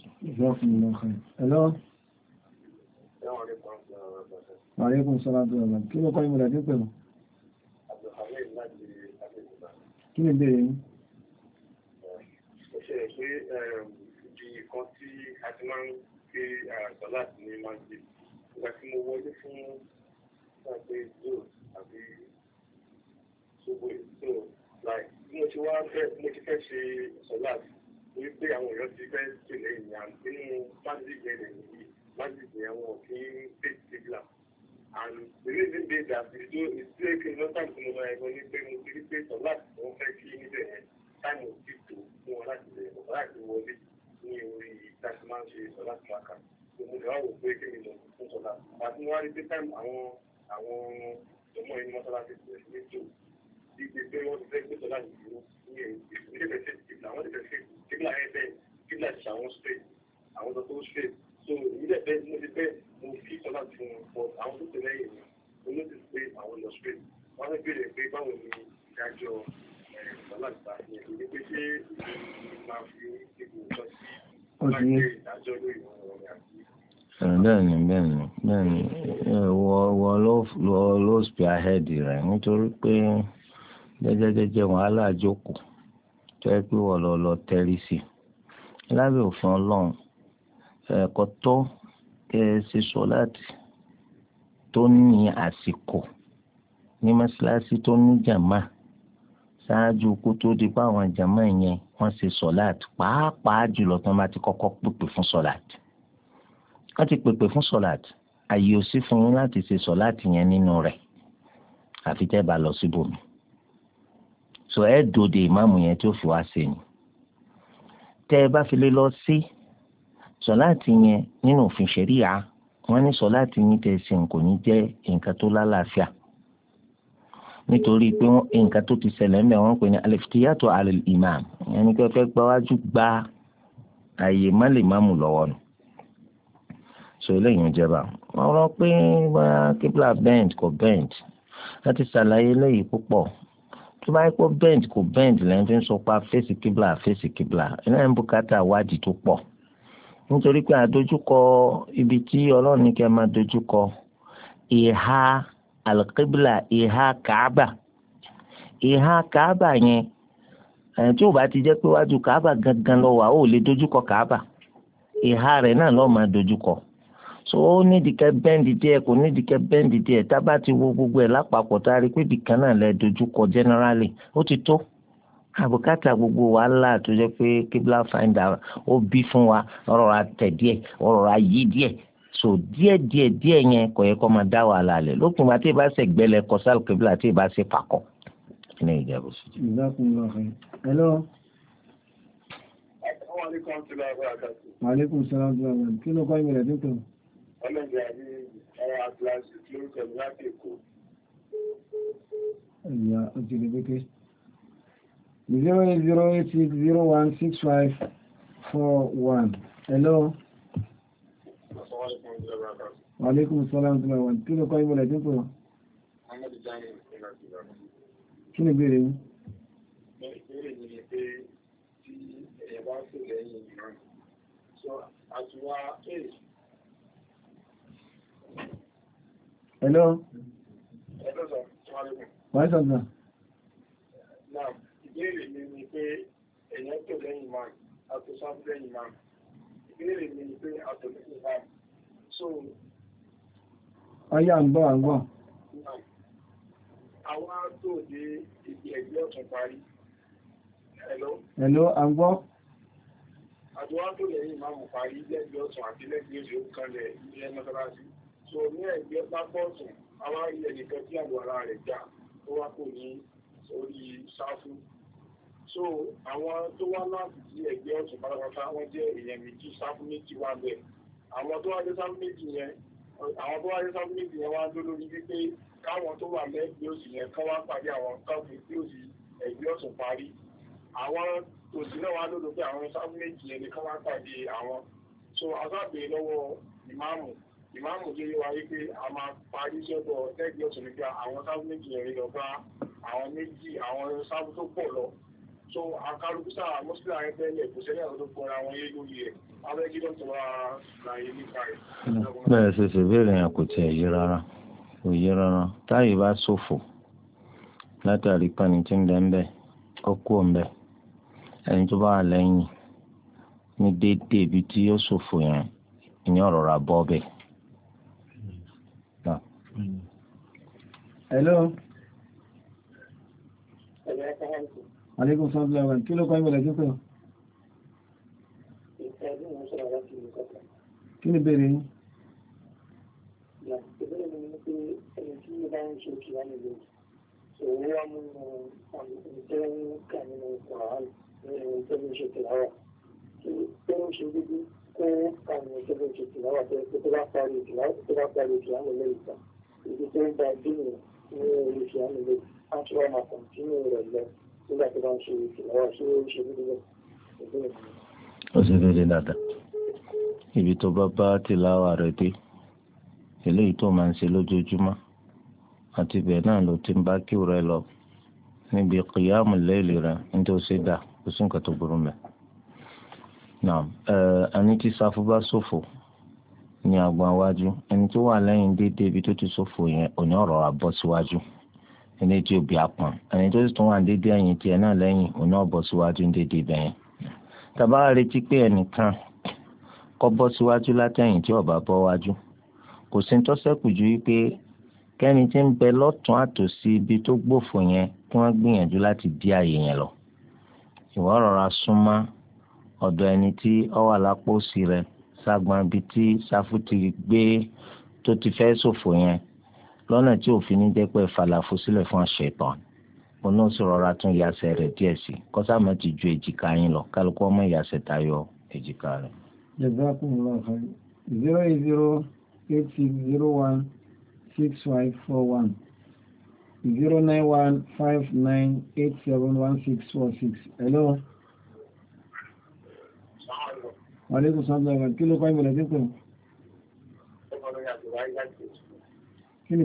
Wa alaikum salaam wa kí ló kọ́ ìmọ̀lẹ́ dín pẹ̀lú. Kí ni ìbéèrè yín? Ó ṣẹlẹ̀ pé ehm, ibi kan tí a ti máa ń gbé àgbàlá eh, ní máa ń gbé. Ìgbà tí mo wọlé fún ìgbàgbé eh, Zoe àbí Sobo Èso láì. Bí mo ti wá fẹ́ mo ti fẹ́ ṣe sọ́lá ní pé àwọn èèyàn ti fẹ́ tẹ̀lé ìyá nínú májèlé rẹ̀ nìyí. Májèlé àwọn òfin fèsì and the reason dey that the do is still a time to We kí lọ́tà tí mo máa We ní pé mo ti rí pé sọ láti wọ́n fẹ́ kí níbẹ̀ yẹn táìmù ti We fún wọn láti bẹ̀rẹ̀ bọ̀ láti wọlé ní orí láti máa ń ṣe sọ láti máa kà mo lè wá wò pé kí ni mo fún sọ láti àti wọ́n á rí pé táìmù àwọn àwọn ọmọ yìí mọ́sálásí bẹ̀rẹ̀ ní tó ìgbè pé wọ́n We fẹ́ We sọ láti dúró ní èyí ìdílé fẹ́ kíbla àwọn ìdílé fẹ́ kíbla ẹ̀ bẹ́ẹ̀ kíbla ṣàwọn straight àwọn tó tó straight so ìdílé fẹ́ mo ti fẹ́ mo fi sọ́lá ti mú ló ni ìdájọ́ sọ́lá ti bá yẹn kò ló spi ahead rẹ̀ nítorí pé jẹ́jẹ́jẹ́jẹ́ wàhálà àjókòó tó yẹ pé wọ́n lọ lọ tẹ́rí sí i lábẹ́ òfin ọlọ́run ẹ̀kọ́ tó kẹ́ ẹ ṣe sọ́láàtì tó ní àsìkò ní mọ́ṣáláṣí tó ní jàmá ṣáájú kó tó di pa àwọn jàmá yẹn wọ́n ṣe sọ́láàtì pàápàá jùlọ tí wọ́n bá ti kọ́kọ́ pèpè fún sọ́láàtì wọ́n ti pèpè fún sọ́láàtì àyè ò sí fún yín láti ṣe sọ́láàtì yẹn nínú rẹ̀ àfi tẹ́ bá lọ síbòmí sọ ẹ́ dòde ìmáàmù yẹn tí fi wá ṣe ni tẹ́ ẹ bá fi lé lọ sí. Si, sọláàtì yẹn nínú òfin ṣẹ̀ríà wọ́n ní sọláàtì yín tẹ̀ ṣe kò ní jẹ́ nǹkan tó lálàáfíà nítorí pé nǹkan tó ti ṣẹlẹ̀ ń bẹ̀ wọ́n pè ní alẹ́fitiyàtọ̀ alẹ́ imam ẹni kẹ́kẹ́ gbáwájú gba àyè má lọ́wọ́ nù so eléyìí ń jẹba wọ́n rọ pé kíbla bend kò bend láti ṣàlàyé eléyìí púpọ̀ tó bá yẹ kó bend kò bend lẹ́yìn fi ń sọ pa fèsì kíbla fèsì kíbla ẹ̀ náà ń bùkátà wádìí tó pọ̀ nítorí pé àdójúkọ ibi tí ọlọ́run ní kẹ́ máa dojúkọ ìhà alqibla ìhà kaaba ìhà kaaba yẹn tí ò bá ti jẹ́ pé wájú kaaba gangan lọ wà ó lè dojúkọ kaaba ìhà rẹ̀ náà lọ́ọ́ máa dojúkọ so ó nídìí kẹ́ bẹ́ǹdì díẹ̀ kò nídìí kẹ́ bẹ́ǹdì díẹ̀ tá bá ti wo gbogbo ẹ̀ lápapọ̀ tá a rí pé ibìkan náà lẹ dojúkọ generally ó ti tó àbùkátà gbogbo wàhálà tó jẹ́ pé kibla finder ó bí fún wa ọ̀rọ̀ ra tẹ̀ díẹ̀ ọ̀rọ̀ ra yí díẹ̀ so díẹ̀ díẹ̀ díẹ̀ yẹn kò yẹ kó máa dá wàhálà lẹ̀ lópin bá tí ì bá ṣe gbẹlẹ̀ kọsálù kibla tí ì bá ṣe fàkọ̀ ní ìjẹ́bù. hello. Màálíkùn sọ́lá ọdún àwọn kí ló kọ́ ìmìnà tó tàn? Ọlọ́gbà ní ọwọ́ Atlantic lórúkọ láti Èkó. Ẹ̀yà ó ti 08080165141. Hello. Wa alaikum salam tí wọ́n kí ló kọ́ ìbọ̀lẹ̀ tí kò rọ̀? Kí ni ìbéèrè yìí? Ìbéèrè yìí ni pé tí ẹ̀yà bá ń sèlẹ̀ yìí mìíràn, so àtúwá èyí. Hello. Hello sir, wa alaikum. Wa ìbéèrè mi ni pé èèyàn tò lẹ́yìn máa àtò sáfù lẹ́yìn máa ìbéèrè mi ni pé àtò lẹ́yìn máa so. ayé à ń bọ̀ à ń bọ̀. àwa tó dé ibi ẹgbẹ́ ọ̀tún parí. Hello. Hello, à ń gbọ́. àdúrà tó lẹ́yìn máa mú parí lẹ́gbẹ́ ọ̀tún àti lẹ́gbẹ́ òsì ó kanlẹ̀ ilé mọ́tàlásì so ní ẹgbẹ́ pápọ̀ ọ̀tún àwa rí ẹnìkan tí àgbọ̀ ara rẹ̀ já ó wá kò ní orí sáfù so àwọn tó wá láti sí ẹgbẹ́ ọ̀sùn pátápátá wọ́n jẹ́ èèyàn méjì sáfù méjì wá bẹ̀ àwọn tó wá jẹ́ sáfù méjì yẹn àwọn tó wá jẹ́ sáfù méjì yẹn wá dó lórí wípé káwọn tó wà lẹ́gbẹ́ òsì yẹn kán wá pàdé àwọn káfíń tí òsì ẹgbẹ́ ọ̀sùn parí àwọn òsì náà wá lódò pé àwọn sáfù méjì yẹn ni kán wá pàdé àwọn so asábè lọ́wọ́ ìmáàmù ìmáàmù jẹ́ yíwa wípé a máa parí sọ́dọ̀ lẹ́gbẹ́ ọ̀sùn nígbà àwọn sáfù méjì yẹn lọ bá àwọn méjì àwọn sáfù tó pọ̀ lọ so àkàlùkùsà mọ́sílẹ̀ àyẹ́ tẹ́lẹ̀ kò sẹ́lẹ̀ ọdún pọ̀ra wọn yé lórí ẹ̀ abẹ́kí dọ́tọ̀ wa láyé nípa rẹ̀. bẹ́ẹ̀ ṣe ṣe béèrè yẹn kò tiẹ̀ yé rárá kò yé rárá táyì bá ṣòfò látàrí pẹ́ni tí ń bẹ́ ń bẹ́ kọ́kọ́ ń bẹ́ ẹni tó bá lẹ́yìn ní déédéé ibi tí yóò ṣòfò yẹn ọ̀rọ̀ bọ́ bẹ́ẹ̀. Hello. Àlékún sọ́dún lẹ́wọ̀n kí ló kọ́ ìwọ̀lẹ̀ kí pẹ̀lú? Kí ni bèèrè yín? Ìgbésẹ̀ ìgbà dínú ní orí ìṣẹ́ àmì lè, a tún wà máa kọ̀ntínú rẹ̀ lọ nígbà tí wọ́n ṣe ìfìlọ́wọ́ ṣé ó ṣe nílé ó ṣe déédéé dáadáa ibi tó bá bá tìláwà rẹ̀ dé eléyìí tó máa ń ṣe lójoojúmọ́ àti ibẹ̀ náà ló ti ń bá kíw rẹ̀ lọ níbi kìyàmù lẹ́ẹ̀lì rẹ̀ nítorí ó ṣe dà ó sì ń kàtó burú mẹ́. ẹni tí sáfù bá ṣòfò ní àgbọn iwájú ẹni tó wà lẹ́yìn déédéé ibi tó ti ṣòfò yẹn òní ọ̀rọ̀ àbọ̀ síwájú. Si ilé tí òbí apọ̀n ẹni tó sì tún wà dédé ẹ̀yìn tiẹ̀ náà lẹ́yìn òun náà bọ́ síwájú ní dédé ibẹ̀ yẹn tàbá retí pé ẹnìkan kọ́ bọ́ síwájú látẹ̀yìn tí ọ̀bá bọ́ wájú kò sí tọ́sẹ̀kù ju wípé kẹ́ni tí ń bẹ lọ́tún àtòsí ibi tó gbòfò yẹn kí wọ́n gbìyànjú láti dí àyè yẹn lọ ìwọ rọra súnmọ́ ọ̀dọ̀ ẹni tí ọ wà lápò sí rẹ ságbọn ibi tí sáfù ti gbé tó ti fẹ́ ṣòfò yẹn lọ́nà tí òfin ní jẹ́ pé falafó sílẹ̀ fún àṣetàn òun náà sì rọra tún yasẹ̀ rẹ̀ díẹ̀ sí kọ́sàmọ́ ti ju èjìká yín lọ kálukú ọmọ ìyàsẹ̀ tayọ èjìká rẹ̀. jazakumullahu khairan zero eight zero eight six zero one six five four one zero nine one five nine eight seven one six four six hello. wàlẹ́kùn sọ́dọ̀ ọ̀gá kí ló kọ́ ìmọ̀lẹ́ dínkù. ọkọ̀ Kí ni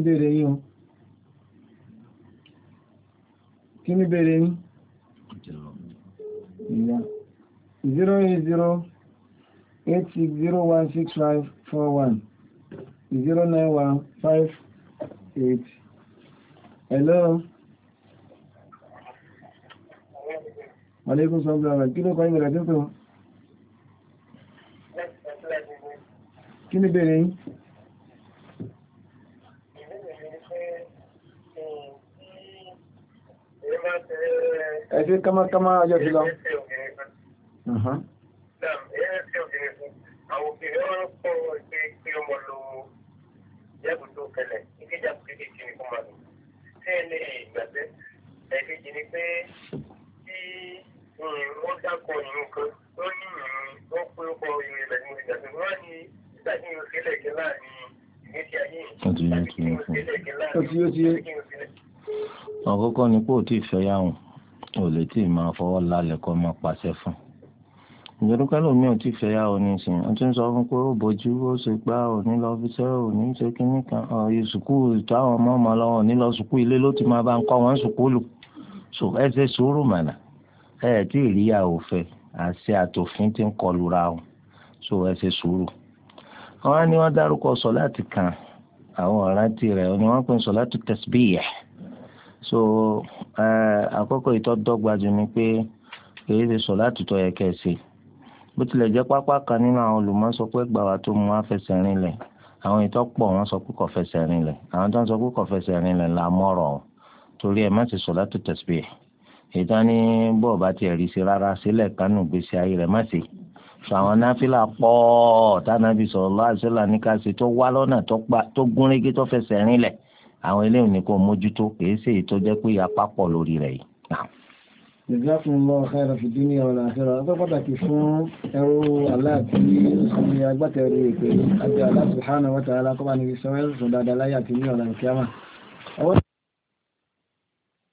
ìbéèrè zero eight six zero one six five four one zero nine one five eight Hello. Wàlékún sọ́gbà rẹ̀, kí ló kọ́ ìbẹ̀rẹ̀ tó tó? kí ní bèèrè yín. ẹ̀ṣẹ́ kámákámá ọjọ́ ti lọ. ni kó máa lò. kan, ó ní ìrìn, ó pé ó ìrìn rẹ̀ ní Wọ́n ní àkọ́kọ́ ni pé ò tí ì fẹ́ yàwùn ò lè tí ì máa fọwọ́ lálẹ́ kọ́ máa pàṣẹ fún ìjọdúnkẹ́ lómi ò tí ì fẹ́ yàwó ní ìsìn wọ́n ti ń sọ fún pé ó bójú ó ṣe gbá òní lọ fi ṣẹ́ òní ṣe kínní kan ọ̀yẹ́ sùkúù táwọn ọmọ ọmọ lọ́wọ́ òní lọ sùkúù ilé ló ti máa bá ń kọ́ wọn sùkúùlù ẹ ṣe sùúrù mànà ẹ tí ì rí yàwó fẹ́ àṣẹ àtòfin ti ń kọlu ra wọn so ẹ ṣe sùúrù àwọn ni wọ́n dárúkọ sọ̀láàtì kan àwọn ọ̀rántí rẹ̀ ni wọ́n pè ní sọ̀láàtì so àkọ́kọ́ ìtọ́dọ́gba jù ni pé èyí ti sọ̀láàtì tó yẹ kẹ́sì bó tilẹ̀ jẹ́ pápá kan nínú àwọn olùmọ̀ sọ pé gbàwá tó mú àfẹsẹ̀ rinlẹ̀ àwọn ìtọ́ pọ̀ wọ́n sọ pé kò fẹsẹ̀ rinlẹ̀ àwọn tó ń sọ pé kò fẹsẹ̀ rinlẹ̀ là mọ̀rọ̀ wọn torí ẹ̀ má ti sọ̀láàtì tẹ̀síbíyà ìtàn ní bọ́ọ̀ bá tiẹ̀ rí sí rárá sílẹ̀ kánú gbèsè ayé rẹ̀ má ti sàwọn náfìlà pọ̀ tánàbí sallallahu alaihi wasallam ní ká ṣe tó wá lọ́nà tó gúnrégé tó fẹsẹ̀ rinlẹ̀ àwọn eléyìí ni kò mójútó kìí ṣe èyí tó jẹ́ pé apá pọ̀ lórí rẹ̀ yìí. Jazakumullahu khairan fid dunya wal akhirah ọ̀dọ́ pàtàkì fún ẹrú aláàtí ìsinmi agbátẹrù ìpè àti Allah subhanahu wa ta'ala kọ́bá níbi sọ́wẹ́sùn dáadáa láyé àti ní ọ̀nà ìkíyàmà.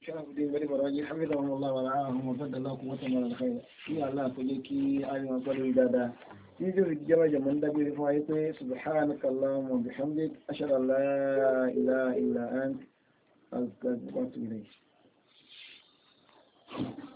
شرف الدين بن براجي حفظهم الله ورعاهم وفضل الله قوة ولا الخير يا الله كليكي آمين وصلي دادا يجوز الجمع من دبي فايته سبحانك اللهم وبحمدك أشهد أن لا إله إلا أنت أستغفرك وأتوب إليك